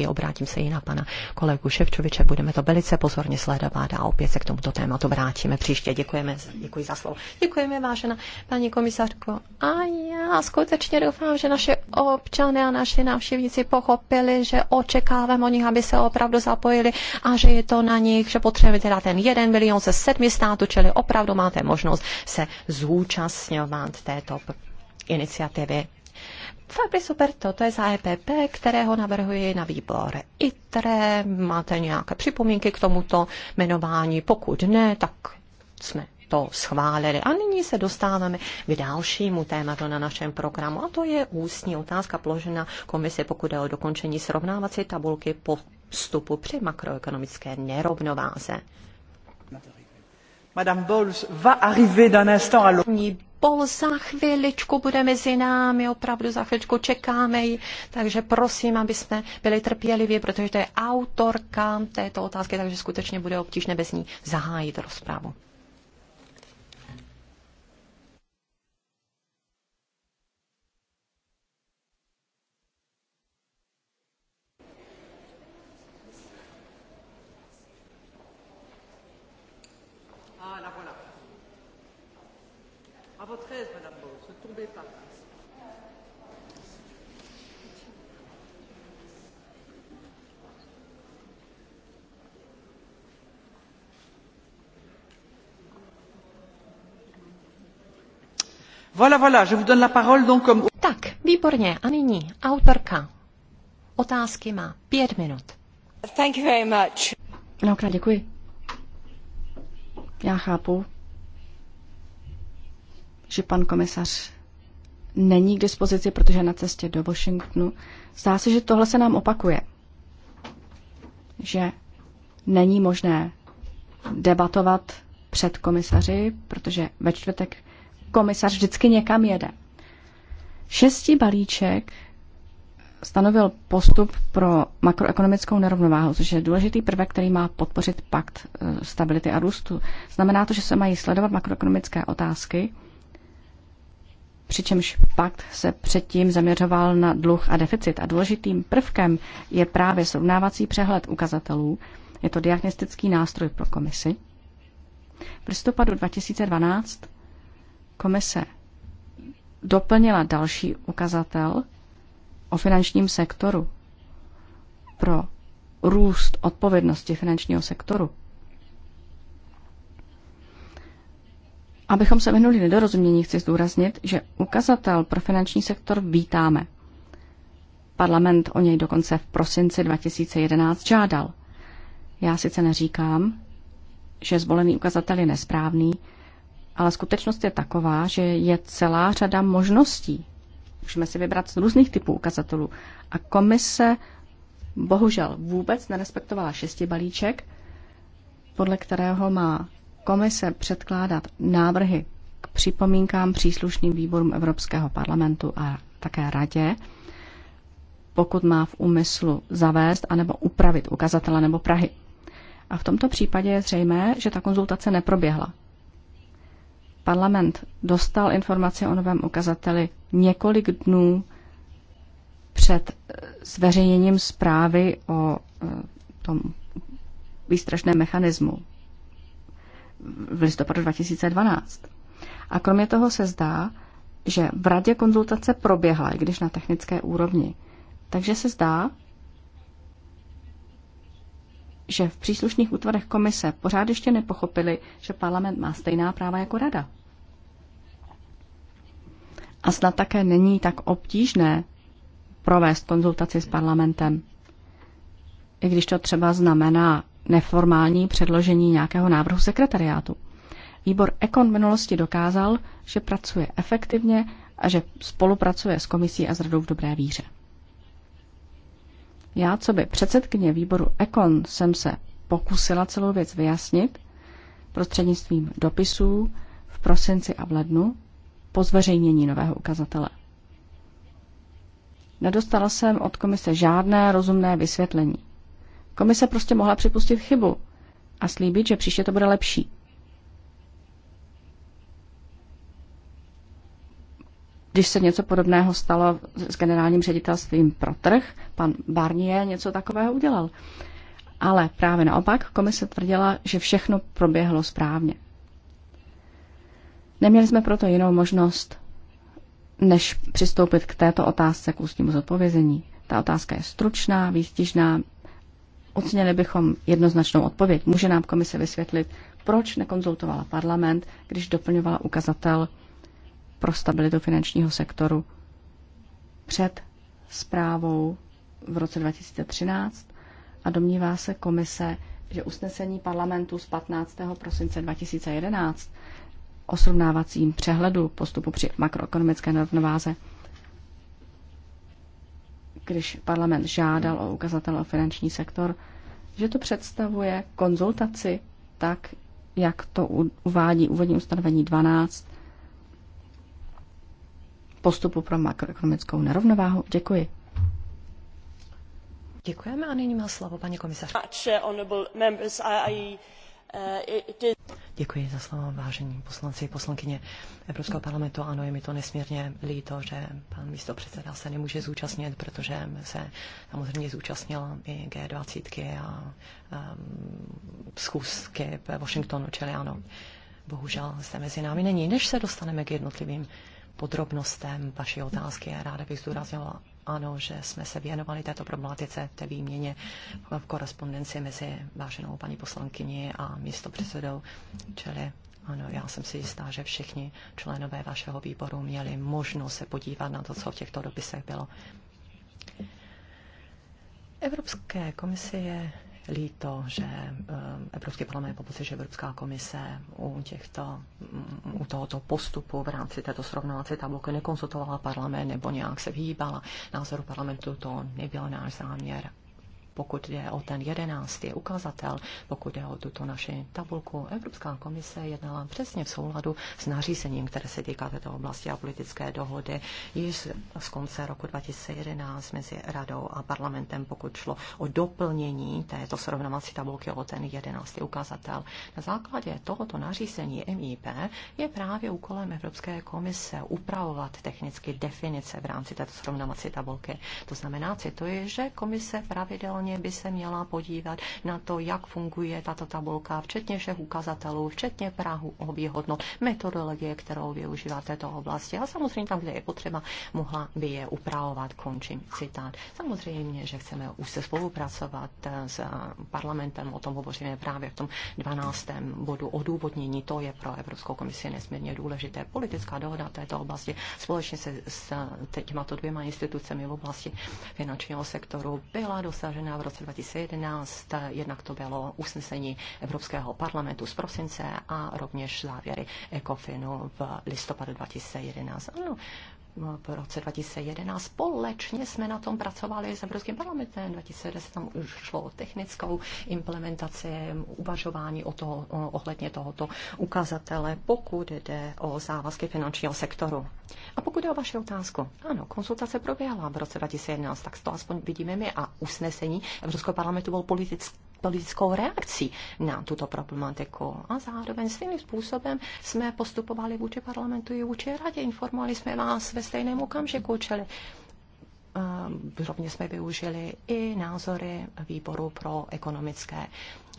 I obrátím se i na pana kolegu Ševčoviče, budeme to velice pozorně sledovat a opět se k tomuto tématu vrátíme příště. Děkujeme, děkuji za slovo. Děkujeme, vážená paní komisařko. A já skutečně doufám, že naše občané a naše návštěvníci pochopili, že očekávám o nich, aby se opravdu zapojili a že je to na nich, že potřebujeme teda ten jeden milion ze sedmi států, čili opravdu máte možnost se zúčastňovat této iniciativy. Fabrice super, to je za EPP, kterého navrhuji na výbor ITRE. Máte nějaké připomínky k tomuto jmenování? Pokud ne, tak jsme to schválili. A nyní se dostáváme k dalšímu tématu na našem programu, a to je ústní otázka položena komise, pokud je o dokončení srovnávací tabulky po vstupu při makroekonomické nerovnováze. Madame Bowles va arriver d'un instant à l'autre pol za chviličku bude mezi námi, opravdu za chviličku čekáme ji, takže prosím, aby jsme byli trpěliví, protože to je autorka této otázky, takže skutečně bude obtížné bez ní zahájit rozprávu. Tak, výborně. A nyní autorka otázky má pět minut. Thank you very much. No, krát děkuji. Já chápu, že pan komisař není k dispozici, protože je na cestě do Washingtonu. Zdá se, že tohle se nám opakuje. Že není možné debatovat před komisaři, protože ve čtvrtek komisař vždycky někam jede. šestý balíček stanovil postup pro makroekonomickou nerovnováhu, což je důležitý prvek, který má podpořit pakt eh, stability a růstu. Znamená to, že se mají sledovat makroekonomické otázky, přičemž pakt se předtím zaměřoval na dluh a deficit. A důležitým prvkem je právě srovnávací přehled ukazatelů. Je to diagnostický nástroj pro komisi. V listopadu 2012 Komise doplnila další ukazatel o finančním sektoru pro růst odpovědnosti finančního sektoru. Abychom se vyhnuli nedorozumění, chci zdůraznit, že ukazatel pro finanční sektor vítáme. Parlament o něj dokonce v prosinci 2011 žádal. Já sice neříkám, že zvolený ukazatel je nesprávný, ale skutečnost je taková, že je celá řada možností. Můžeme si vybrat z různých typů ukazatelů. A komise bohužel vůbec nerespektovala šesti balíček, podle kterého má komise předkládat návrhy k připomínkám příslušným výborům Evropského parlamentu a také radě, pokud má v úmyslu zavést anebo upravit ukazatele nebo Prahy. A v tomto případě je zřejmé, že ta konzultace neproběhla. Parlament dostal informace o novém ukazateli několik dnů před eh, zveřejněním zprávy o eh, tom výstražném mechanismu v listopadu 2012. A kromě toho se zdá, že v radě konzultace proběhla, i když na technické úrovni. Takže se zdá, že v příslušných útvarech komise pořád ještě nepochopili, že parlament má stejná práva jako rada. A snad také není tak obtížné provést konzultaci s parlamentem. I když to třeba znamená neformální předložení nějakého návrhu sekretariátu. Výbor Ekon v minulosti dokázal, že pracuje efektivně a že spolupracuje s komisí a s radou v dobré víře. Já, co by předsedkyně výboru Ekon, jsem se pokusila celou věc vyjasnit prostřednictvím dopisů v prosinci a v lednu po zveřejnění nového ukazatele. Nedostala jsem od komise žádné rozumné vysvětlení. Komise prostě mohla připustit chybu a slíbit, že příště to bude lepší. když se něco podobného stalo s generálním ředitelstvím pro trh, pan Barnier něco takového udělal. Ale právě naopak komise tvrdila, že všechno proběhlo správně. Neměli jsme proto jinou možnost, než přistoupit k této otázce k ústnímu zodpovězení. Ta otázka je stručná, výstižná. Ocenili bychom jednoznačnou odpověď. Může nám komise vysvětlit, proč nekonzultovala parlament, když doplňovala ukazatel pro stabilitu finančního sektoru před zprávou v roce 2013 a domnívá se komise, že usnesení parlamentu z 15. prosince 2011 o srovnávacím přehledu postupu při makroekonomické rovnováze, když parlament žádal o ukazatel o finanční sektor, že to představuje konzultaci tak, jak to uvádí úvodní ustanovení 12 postupu pro makroekonomickou nerovnováhu. Děkuji. Děkujeme a nyní má slovo paní komisař. Děkuji za slovo, vážení poslanci, poslankyně Evropského parlamentu. Ano, je mi to nesmírně líto, že pan místo předseda se nemůže zúčastnit, protože se samozřejmě zúčastnil i G20 a um, schůzky v Washingtonu, čili ano bohužel se mezi námi není. Než se dostaneme k jednotlivým podrobnostem vaší otázky. Ráda bych zdůraznila, ano, že jsme se věnovali této problematice, té výměně v korespondenci mezi váženou paní poslankyni a předsedou. čili ano, já jsem si jistá, že všichni členové vašeho výboru měli možnost se podívat na to, co v těchto dopisech bylo. Evropské komisie je líto, že eh, Evropský parlament pomoci, že Evropská komise u, těchto, mm, u tohoto postupu v rámci této srovnávací tabulky nekonsultovala parlament nebo nějak se vyhýbala názoru parlamentu, to nebyl náš záměr pokud jde o ten jedenáctý ukazatel, pokud jde o tuto naši tabulku, Evropská komise jednala přesně v souladu s nařízením, které se týká této oblasti a politické dohody již z konce roku 2011 mezi radou a parlamentem, pokud šlo o doplnění této srovnávací tabulky o ten jedenáctý ukazatel. Na základě tohoto nařízení MIP je právě úkolem Evropské komise upravovat technicky definice v rámci této srovnávací tabulky. To znamená, cituji, že komise pravidelně minimálně by se měla podívat na to, jak funguje tato tabulka, včetně všech ukazatelů, včetně Prahu obě metodologie, kterou využívá této oblasti a samozřejmě tam, kde je potřeba, mohla by je upravovat, končím citát. Samozřejmě, že chceme už se spolupracovat s parlamentem, o tom hovoříme právě v tom 12. bodu odůvodnění, to je pro Evropskou komisi nesmírně důležité. Politická dohoda této oblasti společně se s těmato dvěma institucemi v oblasti finančního sektoru byla dosažena v roce 2011. Jednak to bylo usnesení Evropského parlamentu z prosince a rovněž závěry ECOFINu v listopadu 2011. Ano, v roce 2011. Společně jsme na tom pracovali s Evropským parlamentem. 2010 tam už šlo o technickou implementaci, uvažování o toho, ohledně tohoto ukazatele, pokud jde o závazky finančního sektoru. A pokud jde o vaši otázku, ano, konsultace proběhla v roce 2011, tak to aspoň vidíme my a usnesení Evropského parlamentu bylo politické politickou reakcí na tuto problematiku. A zároveň svým způsobem jsme postupovali vůči parlamentu i vůči radě. Informovali jsme vás ve stejném okamžiku, čili eh, rovněž jsme využili i názory výboru pro ekonomické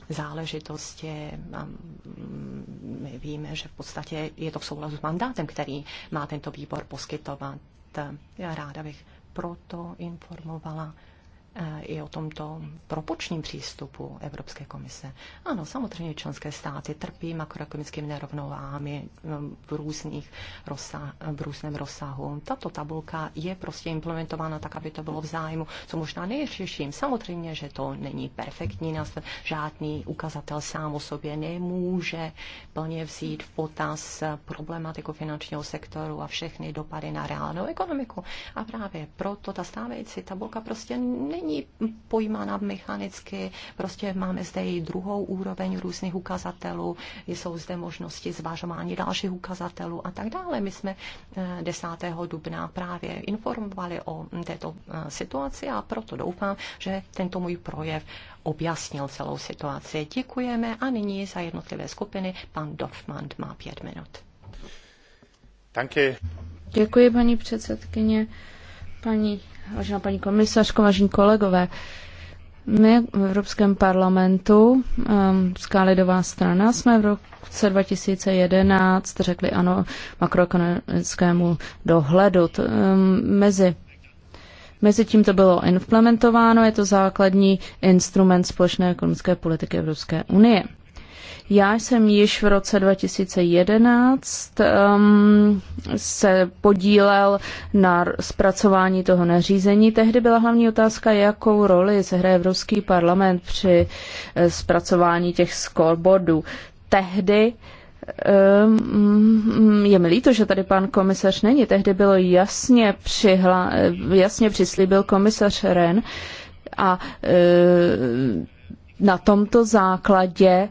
záležitosti. Mm, my víme, že v podstatě je to v souladu s mandátem, který má tento výbor poskytovat. Já ráda bych proto informovala Eh, i o tomto propočním přístupu Evropské komise. Ano, samozřejmě členské státy trpí makroekonomickými nerovnováhami mm, v, různých rozsah, v různém rozsahu. Tato tabulka je prostě implementována tak, aby to bylo v zájmu, co možná nejřeším. Samozřejmě, že to není perfektní nástroj, žádný ukazatel sám o sobě nemůže plně vzít v potaz problematiku finančního sektoru a všechny dopady na reálnou ekonomiku. A právě proto ta stávající tabulka prostě není není pojímána mechanicky, prostě máme zde i druhou úroveň různých ukazatelů, jsou zde možnosti zvažování dalších ukazatelů a tak dále. My jsme 10. Eh, dubna právě informovali o této eh, situaci a proto doufám, že tento můj projev objasnil celou situaci. Děkujeme a nyní za jednotlivé skupiny pan Dorfman má pět minut. Děkuji, paní předsedkyně. Paní Vážená paní komisařko, vážení kolegové, my v Evropském parlamentu, Evropská um, lidová strana, jsme v roce 2011 řekli ano makroekonomickému dohledu. T, um, mezi Mezi tím to bylo implementováno, je to základní instrument společné ekonomické politiky Evropské unie. Já jsem již v roce 2011 um, se podílel na zpracování toho nařízení. Tehdy byla hlavní otázka, jakou roli se hraje Evropský parlament při eh, zpracování těch scoreboardů. Tehdy um, mm, je mi líto, že tady pan komisař není. Tehdy bylo jasně, přihla, eh, jasně přislíbil komisař Ren a eh, na tomto základě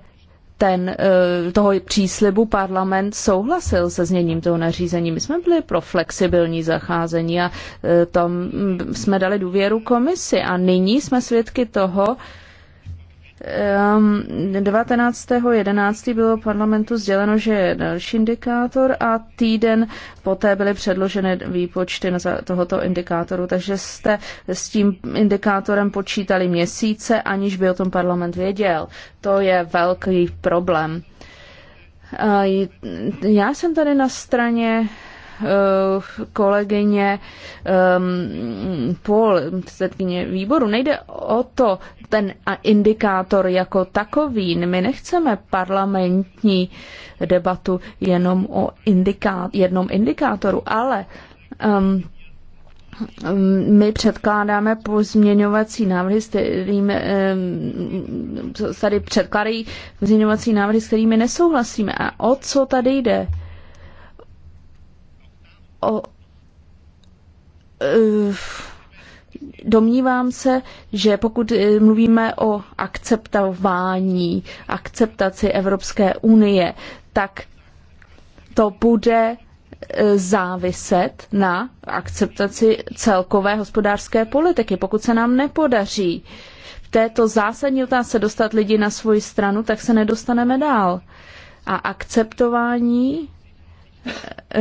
ten, eh, toho příslibu parlament souhlasil se změním toho nařízení. My jsme byli pro flexibilní zacházení a eh, tam mm, jsme dali důvěru komisi a nyní jsme svědky toho, 19.11. Ehm, bylo parlamentu sděleno, že je další indikátor a týden poté byly předloženy výpočty na tohoto indikátoru, takže jste s tím indikátorem počítali měsíce, aniž by o tom parlament věděl. To je velký problém. Já jsem tady na straně Eh, kolegyně um, Paul, předsedkyně výboru, nejde o to ten indikátor jako takový. My nechceme parlamentní debatu jenom o indiká- jednom indikátoru, ale um, my předkládáme pozměňovací návrhy, s kterými tady předkládají pozměňovací návrhy, s kterými nesouhlasíme. A o co tady jde? o, e, domnívám se, že pokud e, mluvíme o akceptování, akceptaci Evropské unie, tak to bude e, záviset na akceptaci celkové hospodářské politiky. Pokud se nám nepodaří v této zásadní otázce dostat lidi na svoji stranu, tak se nedostaneme dál. A akceptování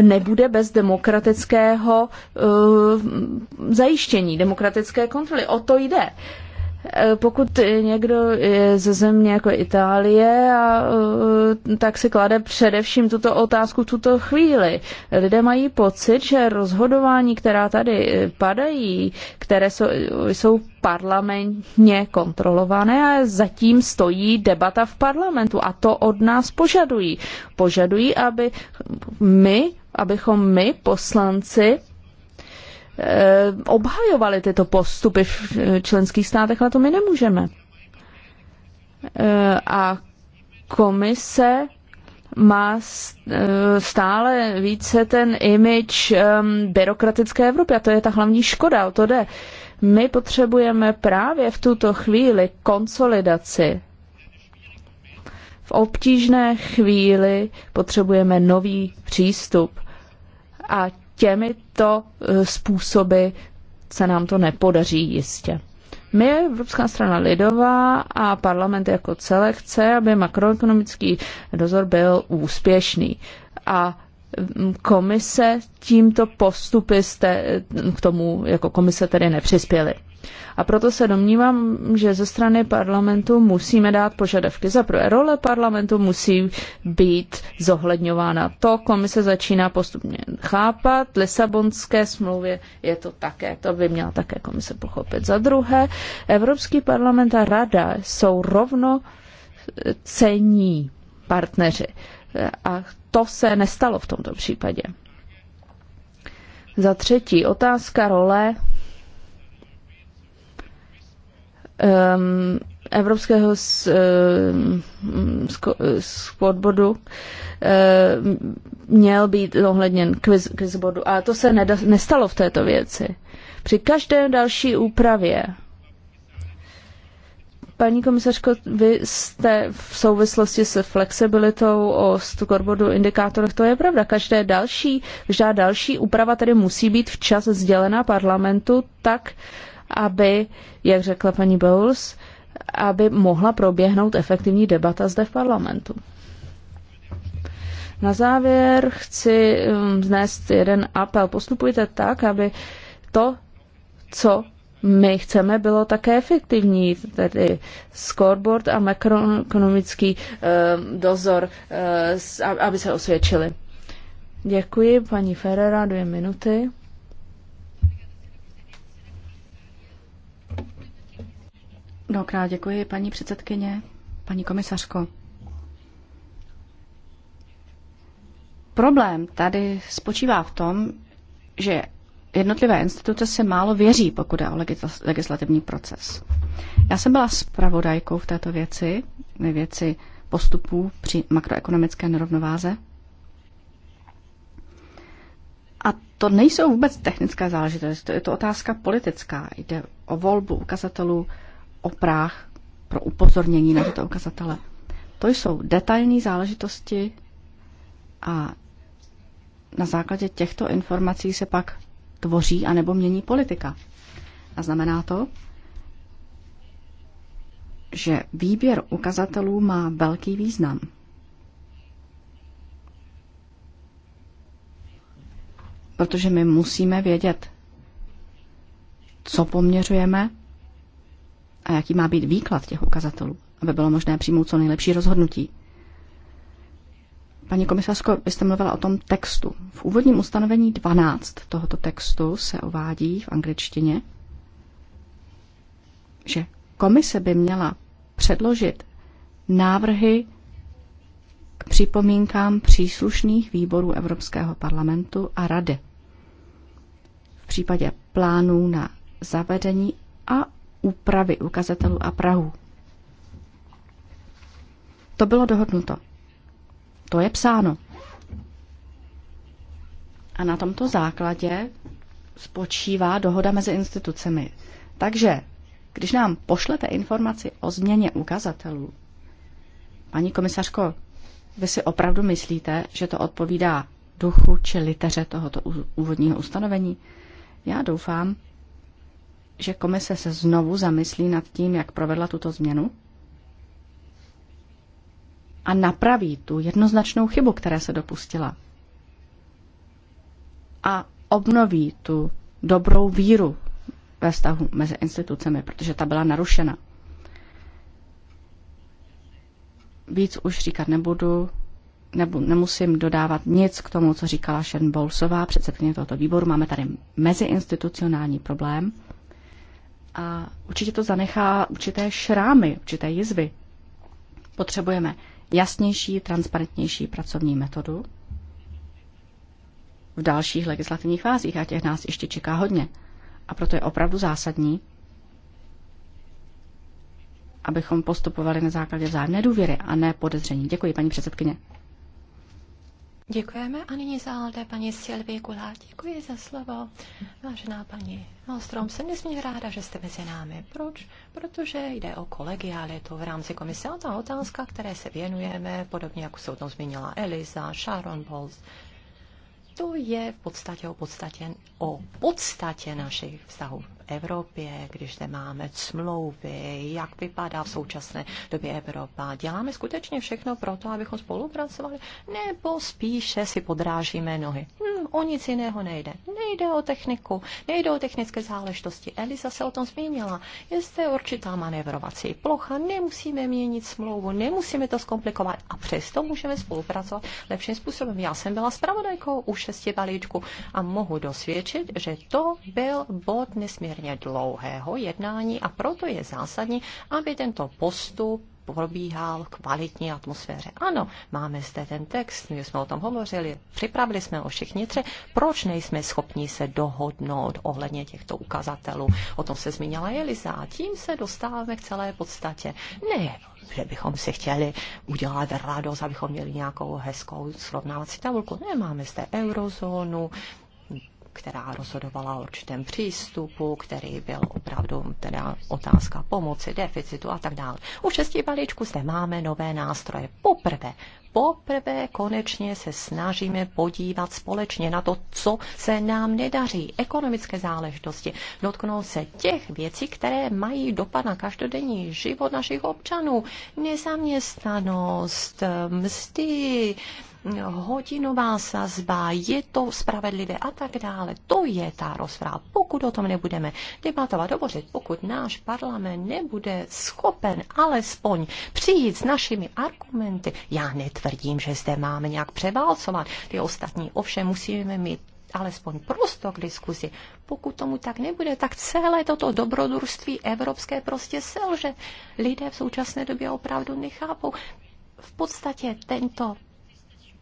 nebude bez demokratického eh, zajištění, demokratické kontroly. O to jde. Eh, pokud někdo je eh, ze země jako Itálie, a, eh, tak si klade především tuto otázku v tuto chvíli. Lidé mají pocit, že rozhodování, která tady padají, které jsou, jsou parlamentně kontrolované a zatím stojí debata v parlamentu a to od nás požadují. Požadují, aby my, abychom my poslanci Eh, obhajovali tyto postupy v eh, členských státech, ale to my nemůžeme. Eh, a komise má stále více ten image byrokratické Evropy a to je ta hlavní škoda, o to jde. My potřebujeme právě v tuto chvíli konsolidaci. V obtížné chvíli potřebujeme nový přístup. A těmito e, způsoby se nám to nepodaří jistě. My, Evropská strana Lidová a parlament jako celé chce, aby makroekonomický dozor byl úspěšný. A komise tímto postupy jste k tomu jako komise tedy nepřispěli. A proto se domnívám, že ze strany parlamentu musíme dát požadavky. Za prvé, role parlamentu musí být zohledňována. To komise začíná postupně chápat. Lisabonské smlouvě je to také. To by měla také komise pochopit. Za druhé, Evropský parlament a rada jsou rovno cení partneři. A to se nestalo v tomto případě. Za třetí, otázka role um, Evropského squadboardu ehm, ehm, měl být ohledněn quiz, quizboardu. A to se neda, nestalo v této věci. Při každé další úpravě Paní komisařko, vy jste v souvislosti s flexibilitou o scoreboardu indikátorech, to je pravda. Každé další, každá další úprava tedy musí být včas sdělena parlamentu tak, aby, jak řekla paní Bowles, aby mohla proběhnout efektivní debata zde v parlamentu. Na závěr chci um, vznést jeden apel. Postupujte tak, aby to, co my chceme, bylo také efektivní, tedy scoreboard a makroekonomický um, dozor, uh, aby se osvědčili. Děkuji, paní Ferrera, dvě minuty. Mnohokrát děkuji, paní předsedkyně, paní komisařko. Problém tady spočívá v tom, že jednotlivé instituce se málo věří, pokud je o legislativní proces. Já jsem byla spravodajkou v této věci, ve věci postupů při makroekonomické nerovnováze. A to nejsou vůbec technické záležitosti, to je to otázka politická. Jde o volbu ukazatelů oprách pro upozornění na tyto ukazatele. To jsou detailní záležitosti a na základě těchto informací se pak tvoří a nebo mění politika. A znamená to, že výběr ukazatelů má velký význam. Protože my musíme vědět, co poměřujeme a jaký má být výklad těch ukazatelů, aby bylo možné přijmout co nejlepší rozhodnutí. Paní komisařko, vy jste mluvila o tom textu. V úvodním ustanovení 12 tohoto textu se uvádí v angličtině, že komise by měla předložit návrhy k připomínkám příslušných výborů Evropského parlamentu a Rady v případě plánů na zavedení a úpravy ukazatelů a Prahu. To bylo dohodnuto. To je psáno. A na tomto základě spočívá dohoda mezi institucemi. Takže, když nám pošlete informaci o změně ukazatelů, paní komisařko, vy si opravdu myslíte, že to odpovídá duchu či liteře tohoto úvodního ustanovení? Já doufám, že komise se znovu zamyslí nad tím, jak provedla tuto změnu a napraví tu jednoznačnou chybu, která se dopustila. A obnoví tu dobrou víru ve vztahu mezi institucemi, protože ta byla narušena. Víc už říkat nebudu, nebu, nemusím dodávat nic k tomu, co říkala Shen Bolsová, předsedkyně tohoto výboru. Máme tady meziinstitucionální problém a určitě to zanechá určité šrámy, určité jizvy. Potřebujeme jasnější, transparentnější pracovní metodu v dalších legislativních fázích a těch nás ještě čeká hodně. A proto je opravdu zásadní, abychom postupovali na základě vzájemné důvěry a ne podezření. Děkuji, paní předsedkyně. Děkujeme a nyní za Alde paní Silvie Kulá. Děkuji za slovo. Vážená paní Malstrom, jsem nesmírně ráda, že jste mezi námi. Proč? Protože jde o kolegialitu v rámci komise a ta otázka, které se věnujeme, podobně jako se o tom zmínila Eliza, Sharon Bowles, to je v podstatě o podstatě, o podstatě našich vztahů Evropě, když zde máme smlouvy, jak vypadá v současné době Evropa. Děláme skutečně všechno pro to, abychom spolupracovali, nebo spíše si podrážíme nohy. Hmm, o nic jiného nejde. Nejde o techniku, nejde o technické záležitosti. Elisa se o tom zmínila. Je zde určitá manévrovací plocha, nemusíme měnit smlouvu, nemusíme to zkomplikovat a přesto můžeme spolupracovat lepším způsobem. Já jsem byla zpravodajkou u šesti balíčku a mohu dosvědčit, že to byl bod nesmírně poměrně dlouhého jednání a proto je zásadní, aby tento postup probíhal v kvalitní atmosféře. Ano, máme zde ten text, my jsme o tom hovořili, připravili jsme o všichni tři. Proč nejsme schopni se dohodnout ohledně těchto ukazatelů? O tom se zmínila Eliza a tím se dostáváme k celé podstatě. Ne, že bychom si chtěli udělat radost, abychom měli nějakou hezkou srovnávací tabulku. Nemáme zde eurozónu, která rozhodovala o určitém přístupu, který byl opravdu teda otázka pomoci, deficitu a tak dále. U šesti balíčku zde máme nové nástroje. Poprvé, poprvé konečně se snažíme podívat společně na to, co se nám nedaří. Ekonomické záležitosti dotknou se těch věcí, které mají dopad na každodenní život našich občanů. Nezaměstnanost, mzdy, hodinová sazba, je to spravedlivé a tak dále. To je ta rozpráva. Pokud o tom nebudeme debatovat, dobře, pokud náš parlament nebude schopen alespoň přijít s našimi argumenty, já netvrdím, že zde máme nějak převálcovat. Ty ostatní ovšem musíme mít alespoň prosto k diskuzi. Pokud tomu tak nebude, tak celé toto dobrodružství evropské prostě selže. Lidé v současné době opravdu nechápou. V podstatě tento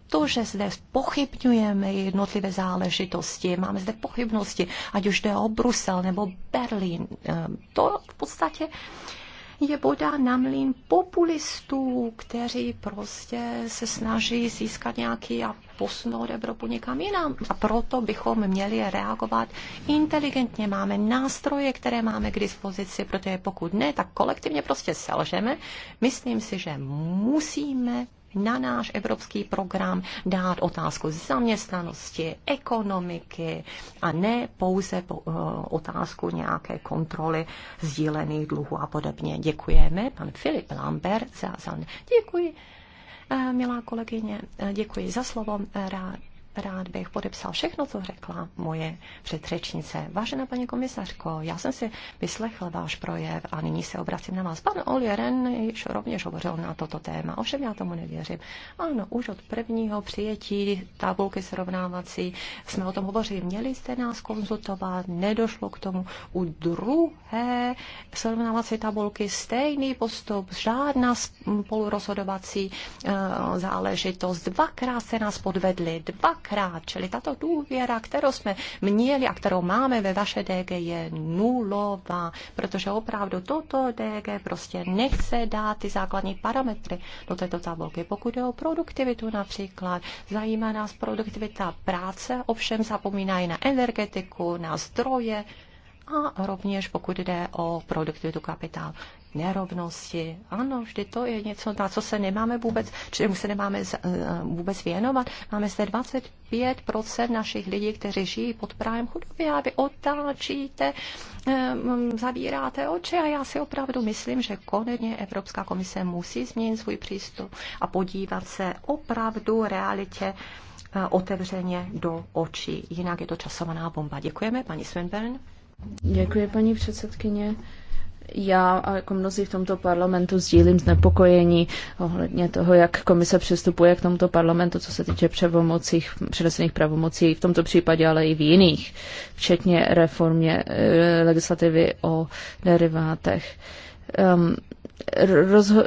to, že zde pochybňujeme jednotlivé záležitosti, máme zde pochybnosti, ať už jde o Brusel nebo Berlín, ehm, to v podstatě je voda na mlín populistů, kteří prostě se snaží získat nějaký a posunout Evropu někam jinam. A proto bychom měli reagovat inteligentně. Máme nástroje, které máme k dispozici, protože pokud ne, tak kolektivně prostě selžeme. Myslím si, že musíme na náš evropský program dát otázku zaměstnanosti, ekonomiky a ne pouze po, uh, otázku nějaké kontroly sdílených dluhů a podobně. Děkujeme, pan Filip Lambert, za, za děkuji. Eh, milá kolegyně, eh, děkuji za slovo. Rád rád bych podepsal všechno, co řekla moje předřečnice. Vážená paní komisařko, já jsem si vyslechl váš projev a nyní se obracím na vás. Pan Oli již rovněž hovořil na toto téma, ovšem já tomu nevěřím. Ano, už od prvního přijetí tabulky srovnávací jsme o tom hovořili. Měli jste nás konzultovat, nedošlo k tomu. U druhé srovnávací tabulky stejný postup, žádná spolurozhodovací eh, záležitost. Dvakrát se nás podvedli, dvakrát dvakrát. Čili tato důvěra, kterou jsme měli a kterou máme ve vaše DG, je nulová, protože opravdu toto DG prostě nechce dát ty základní parametry do této tabulky. Pokud je o produktivitu například, zajímá nás produktivita práce, ovšem zapomínají na energetiku, na zdroje, a rovněž pokud jde o produktivitu kapitál nerovnosti. Ano, vždy to je něco, na co se nemáme vůbec, čemu se nemáme eh, vůbec věnovat. Máme zde 25% našich lidí, kteří žijí pod právem chudoby a vy otáčíte, eh, zavíráte oči a já si opravdu myslím, že konečně Evropská komise musí změnit svůj přístup a podívat se opravdu realitě eh, otevřeně do očí. Jinak je to časovaná bomba. Děkujeme, paní Svenbern. Děkuji, paní předsedkyně. Já a jako mnozí v tomto parlamentu sdílím znepokojení ohledně toho, jak komise přistupuje k tomuto parlamentu, co se týče převomocích, přenesených pravomocí v tomto případě, ale i v jiných, včetně reformě eh, legislativy o derivátech. Um, rozho-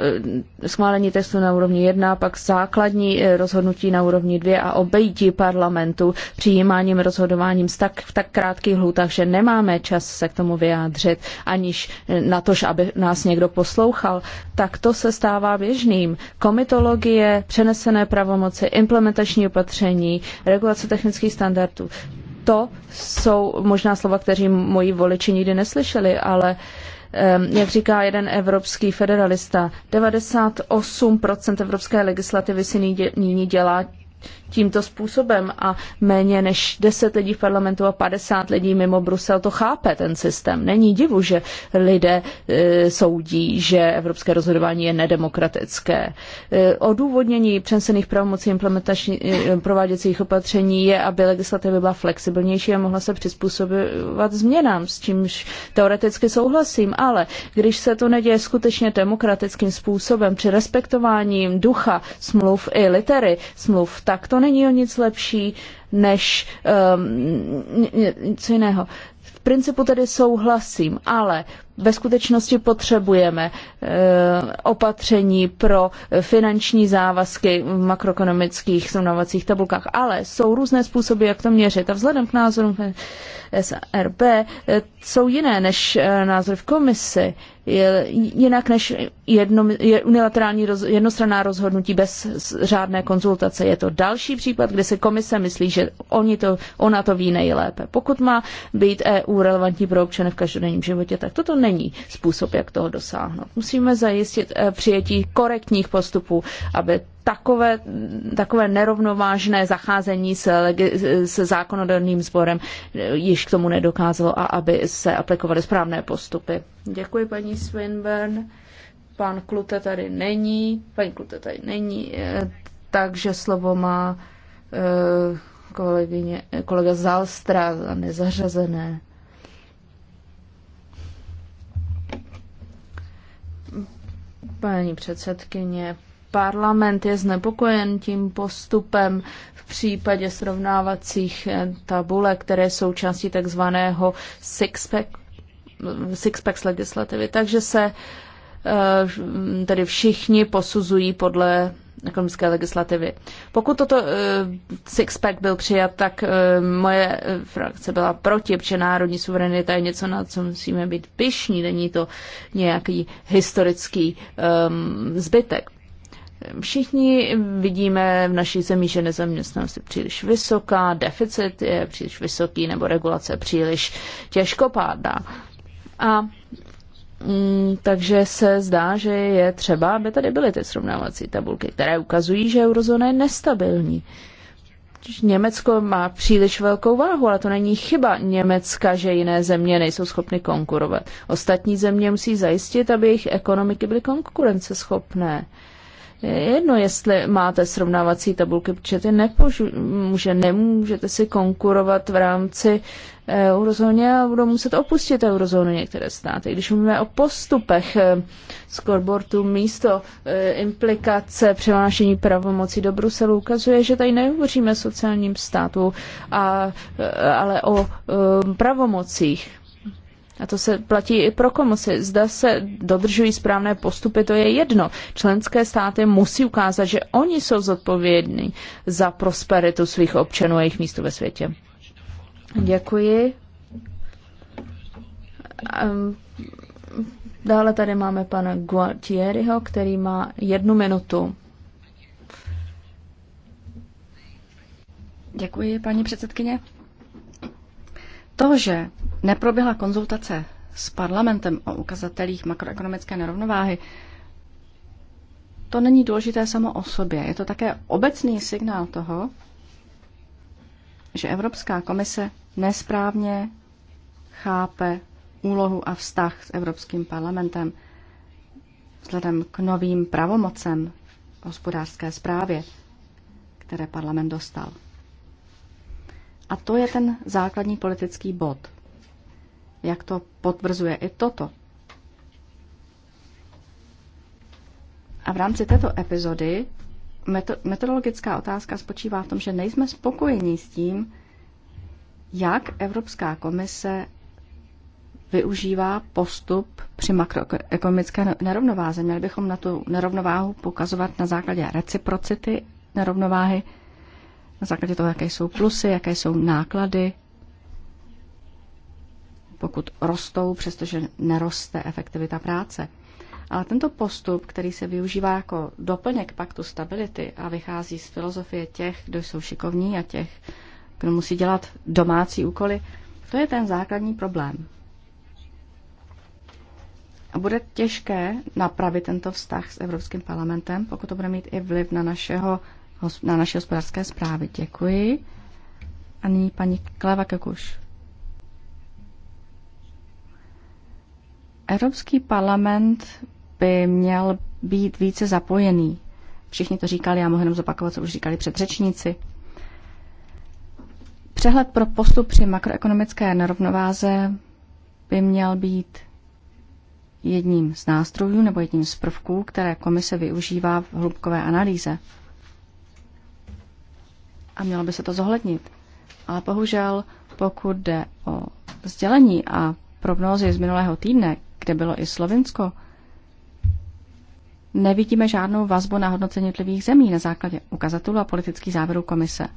schválení testu na úrovni 1, pak základní eh, rozhodnutí na úrovni 2 a obejití parlamentu přijímáním rozhodováním z tak, v tak krátkých lhůtách, že nemáme čas se k tomu vyjádřit, aniž eh, na to, aby nás někdo poslouchal, tak to se stává běžným. Komitologie, přenesené pravomoci, implementační opatření, regulace technických standardů, to jsou možná slova, kteří moji voliči nikdy neslyšeli, ale Ehm, jak říká jeden evropský federalista, 98% evropské legislativy si nyní dělá tímto způsobem a méně než 10 lidí v parlamentu a 50 lidí mimo Brusel to chápe ten systém. Není divu, že lidé e, soudí, že evropské rozhodování je nedemokratické. E, odůvodnění přenesených pravomocí implementační e, prováděcích opatření je, aby legislativa byla flexibilnější a mohla se přizpůsobovat změnám, s čímž teoreticky souhlasím, ale když se to neděje skutečně demokratickým způsobem při respektování ducha smluv i litery smluv, tak to není o nic lepší než um, něco jiného. V principu tedy souhlasím, ale ve skutečnosti potřebujeme eh, opatření pro finanční závazky v makroekonomických srovnavacích tabulkách, ale jsou různé způsoby, jak to měřit. A vzhledem k názorům SRB eh, jsou jiné než eh, názory v komisi, jinak než jedno, unilaterální roz, jednostranná rozhodnutí bez řádné konzultace. Je to další případ, kde si komise myslí, že oni to, ona to ví nejlépe. Pokud má být EU relevantní pro občany v každodenním životě, tak toto není způsob, jak toho dosáhnout. Musíme zajistit eh, přijetí korektních postupů, aby takové, takové nerovnovážné zacházení s s zákonodárným sborem eh, již k tomu nedokázalo a aby se aplikovaly správné postupy. Děkuji paní Swinburne. Pan Klute tady není, pan Klute tady není, eh, takže slovo má kolegyně, kolega Zalstra za nezařazené. Paní předsedkyně, parlament je znepokojen tím postupem v případě srovnávacích eh, tabulek, které jsou částí takzvaného six-pack six legislativy. Takže se eh, tedy všichni posuzují podle ekonomické legislativy. Pokud toto uh, six-pack byl přijat, tak uh, moje eh, frakce byla proti, protože národní suverenita je něco, na co musíme být pyšní, není to nějaký historický um, zbytek. Všichni vidíme v naší zemi, že nezaměstnanost je příliš vysoká, deficit je příliš vysoký nebo regulace příliš těžkopádná. A Mm, takže se zdá, že je třeba, aby tady byly ty srovnávací tabulky, které ukazují, že eurozóna je nestabilní. Německo má příliš velkou váhu, ale to není chyba Německa, že jiné země nejsou schopny konkurovat. Ostatní země musí zajistit, aby jejich ekonomiky byly konkurenceschopné jedno, jestli máte srovnávací tabulky, protože ty nepožu, může, nemůžete si konkurovat v rámci eurozóny a budou muset opustit eurozónu některé státy. Když mluvíme o postupech eh, scoreboardu místo eh, implikace převášení pravomocí do Bruselu, ukazuje, že tady nehovoříme o sociálním státu, a, eh, ale o pravomocích a to se platí i pro komisi. Zda se dodržují správné postupy, to je jedno. Členské státy musí ukázat, že oni jsou zodpovědní za prosperitu svých občanů a jejich místo ve světě. Děkuji. Ehm, dále tady máme pana Guatieriho, který má jednu minutu. Děkuji, paní předsedkyně. To, že neproběhla konzultace s parlamentem o ukazatelích makroekonomické nerovnováhy, to není důležité samo o sobě. Je to také obecný signál toho, že Evropská komise nesprávně chápe úlohu a vztah s Evropským parlamentem vzhledem k novým pravomocem hospodářské zprávě, které parlament dostal. A to je ten základní politický bod – jak to potvrzuje i toto. A v rámci této epizody metodologická otázka spočívá v tom, že nejsme spokojení s tím, jak Evropská komise využívá postup při makroekonomické nerovnováze. Měli bychom na tu nerovnováhu pokazovat na základě reciprocity nerovnováhy, na základě toho, jaké jsou plusy, jaké jsou náklady pokud rostou, přestože neroste efektivita práce. Ale tento postup, který se využívá jako doplněk paktu stability a vychází z filozofie těch, kdo jsou šikovní a těch, kdo musí dělat domácí úkoly, to je ten základní problém. A bude těžké napravit tento vztah s Evropským parlamentem, pokud to bude mít i vliv na, našeho, na naše hospodářské zprávy. Děkuji. A nyní paní Kleva Kekuš. Evropský parlament by měl být více zapojený. Všichni to říkali, já mohu jenom zopakovat, co už říkali předřečníci. Přehled pro postup při makroekonomické nerovnováze by měl být jedním z nástrojů nebo jedním z prvků, které komise využívá v hloubkové analýze. A mělo by se to zohlednit. Ale bohužel, pokud jde o sdělení a prognózy z minulého týdne, kde bylo i Slovinsko, nevidíme žádnou vazbu na hodnocení jednotlivých zemí na základě ukazatelů a politických závěrů komise.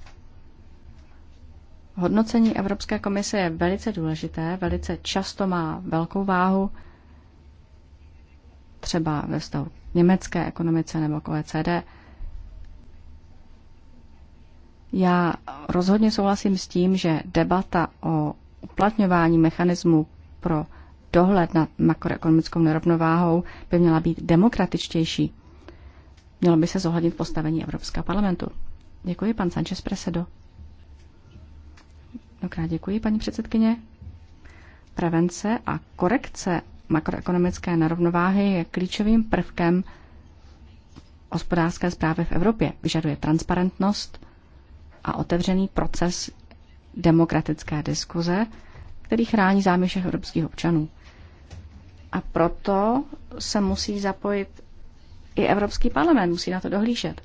Hodnocení Evropské komise je velice důležité, velice často má velkou váhu, třeba ve vztahu německé ekonomice nebo k OECD. Já rozhodně souhlasím s tím, že debata o uplatňování mechanismu pro dohled nad makroekonomickou nerovnováhou by měla být demokratičtější. Mělo by se zohlednit postavení Evropského parlamentu. Děkuji, pan Sanchez Presedo. Dokrát děkuji, paní předsedkyně. Prevence a korekce makroekonomické nerovnováhy je klíčovým prvkem hospodářské zprávy v Evropě. Vyžaduje transparentnost a otevřený proces demokratické diskuze, který chrání zájmy všech evropských občanů. A proto se musí zapojit i Evropský parlament, musí na to dohlížet.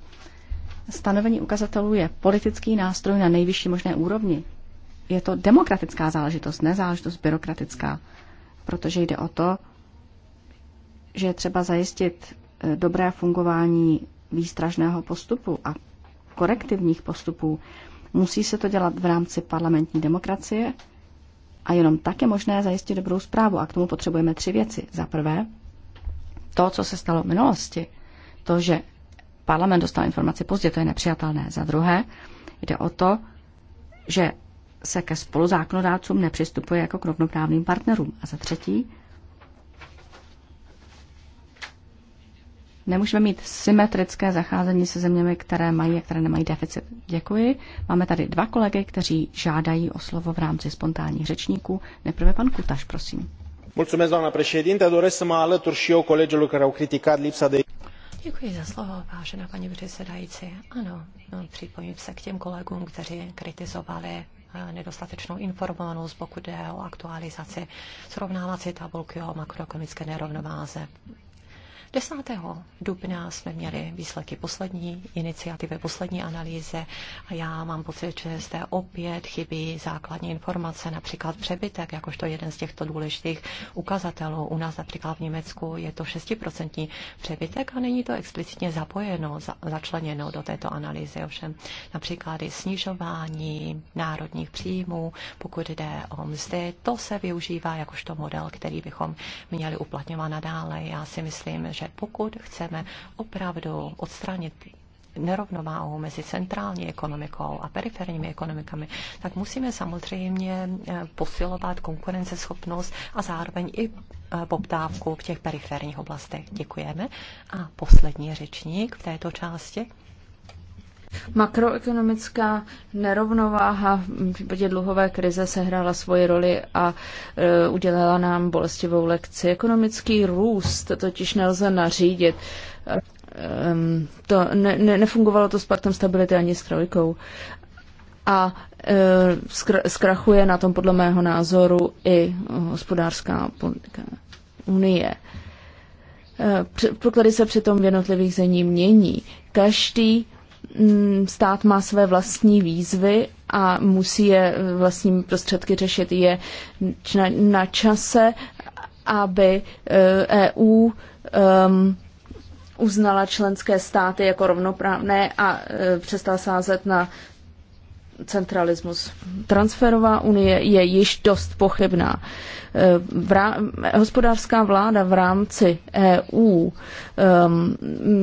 Stanovení ukazatelů je politický nástroj na nejvyšší možné úrovni. Je to demokratická záležitost, ne záležitost byrokratická, protože jde o to, že je třeba zajistit eh, dobré fungování výstražného postupu a korektivních postupů. Musí se to dělat v rámci parlamentní demokracie a jenom tak je možné zajistit dobrou zprávu. A k tomu potřebujeme tři věci. Za prvé, to, co se stalo v minulosti, to, že parlament dostal informaci pozdě, to je nepřijatelné. Za druhé, jde o to, že se ke spoluzákonodácům nepřistupuje jako k rovnoprávným partnerům. A za třetí, Nemůžeme mít symetrické zacházení se zeměmi, které mají a které nemají deficit. Děkuji. Máme tady dva kolegy, kteří žádají o slovo v rámci spontánních řečníků. Nejprve pan Kutaš, prosím. Mulțumesc, doamna președinte. Doresc să mă alătur și eu colegilor care au criticat lipsa de... Děkuji za slovo, vážená paní předsedající. Ano, no, připojím se k těm kolegům, kteří kritizovali eh, nedostatečnou informovanost, pokud jde o aktualizaci srovnávací tabulky o makroekonomické nerovnováze 10. dubna jsme měli výsledky poslední iniciativy, poslední analýze a já mám pocit, že zde opět chybí základní informace, například přebytek, jakožto jeden z těchto důležitých ukazatelů. U nás například v Německu je to 6% přebytek a není to explicitně zapojeno, začleněno do této analýzy. Ovšem například i snižování národních příjmů, pokud jde o mzdy, to se využívá jakožto model, který bychom měli uplatňovat nadále. Já si myslím, že že pokud chceme opravdu odstranit nerovnováhu mezi centrální ekonomikou a periferními ekonomikami, tak musíme samozřejmě eh, posilovat konkurenceschopnost a zároveň i eh, poptávku v těch periferních oblastech. Děkujeme. A poslední řečník v této části. Makroekonomická nerovnováha v případě dluhové krize sehrála svoji roli a e, udělala nám bolestivou lekci. Ekonomický růst totiž nelze nařídit. E, to ne, ne, nefungovalo to s paktem stability ani s trojkou. A e, zkrachuje na tom podle mého názoru i hospodářská politika unie. E, Poklady se přitom v jednotlivých zemí mění. Každý Mm, stát má své vlastní výzvy a musí je eh, vlastními prostředky řešit. Je na, na čase, aby EU eh, e um, ehm, uznala členské státy jako rovnoprávné a eh, přestala sázet na centralismus. Transferová unie je již dost pochybná. Eh, Vrá- hospodářská vláda v rámci EU, ehm,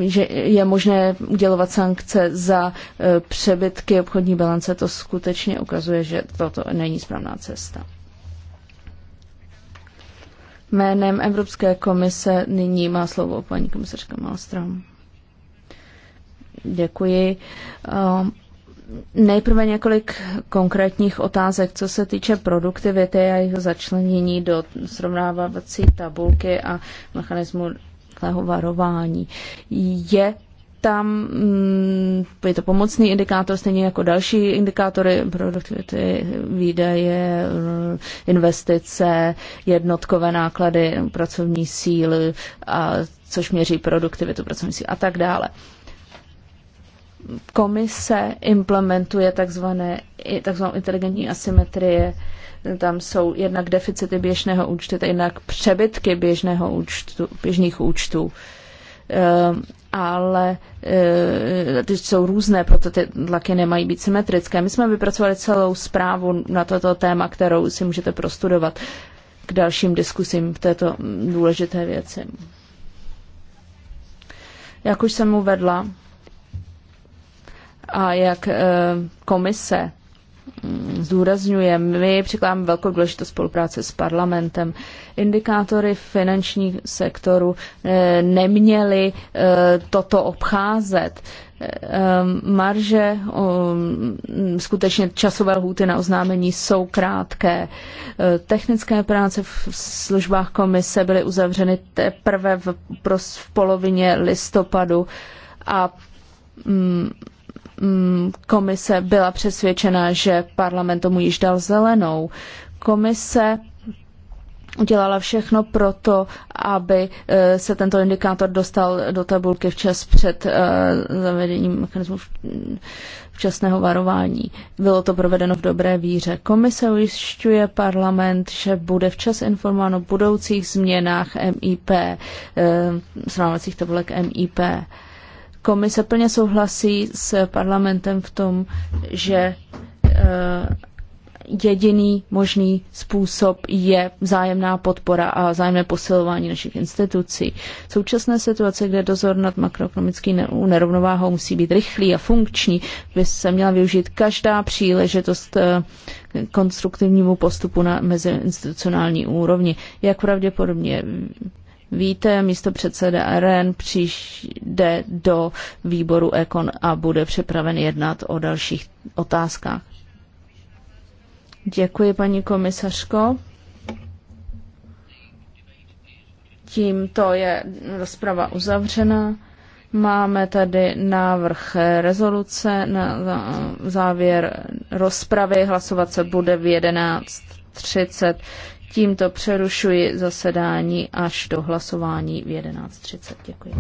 že je možné udělovat sankce za eh, přebytky obchodní bilance, to skutečně ukazuje, že toto není správná cesta. Jménem Evropské komise nyní má slovo paní komisařka Malstrom. Děkuji. Ehm, Nejprve několik konkrétních otázek, co se týče produktivity a jeho začlenění do srovnávací tabulky a mechanismu varování. Je tam mm, je to pomocný indikátor, stejně jako další indikátory, produktivity, výdaje, mm, investice, jednotkové náklady, pracovní síly, a, což měří produktivitu pracovní síly a tak dále komise implementuje takzvané, takzvanou inteligentní asymetrie. Tam jsou jednak deficity běžného účtu, jednak přebytky běžného účtu, běžných účtů. Um, ale uh, ty jsou různé, proto ty tlaky nemají být symetrické. My jsme vypracovali celou zprávu na toto téma, kterou si můžete prostudovat k dalším diskusím v této důležité věci. Jak už jsem uvedla, a jak eh, komise mm, zdůrazňuje, my přikládáme velkou důležitost spolupráce s parlamentem. Indikátory finanční sektoru eh, neměly eh, toto obcházet. Ehm, marže ehm, skutečně časové lhůty na oznámení jsou krátké. Technické práce v službách komise byly uzavřeny teprve v polovině listopadu a mm, Mm, komise byla přesvědčena, že parlament tomu již dal zelenou. Komise udělala všechno proto, aby e, se tento indikátor dostal do tabulky včas před e, zavedením mechanismu včasného varování. Bylo to provedeno v dobré víře. Komise ujišťuje parlament, že bude včas informován o budoucích změnách MIP, e, srovnávacích tabulek MIP. Komise plně souhlasí s parlamentem v tom, že eh, jediný možný způsob je vzájemná podpora a vzájemné posilování našich institucí. V současné situace, kde dozor nad makroekonomický nerovnováhou musí být rychlý a funkční, by se měla využít každá příležitost eh, konstruktivnímu postupu na mezinstitucionální úrovni. Jak pravděpodobně víte, místo předseda RN přijde do výboru Ekon a bude připraven jednat o dalších otázkách. Děkuji, paní komisařko. Tímto je rozprava uzavřena. Máme tady návrh rezoluce na závěr rozpravy. Hlasovat se bude v 11.30. Tímto přerušuji zasedání až do hlasování v 11.30. Děkuji.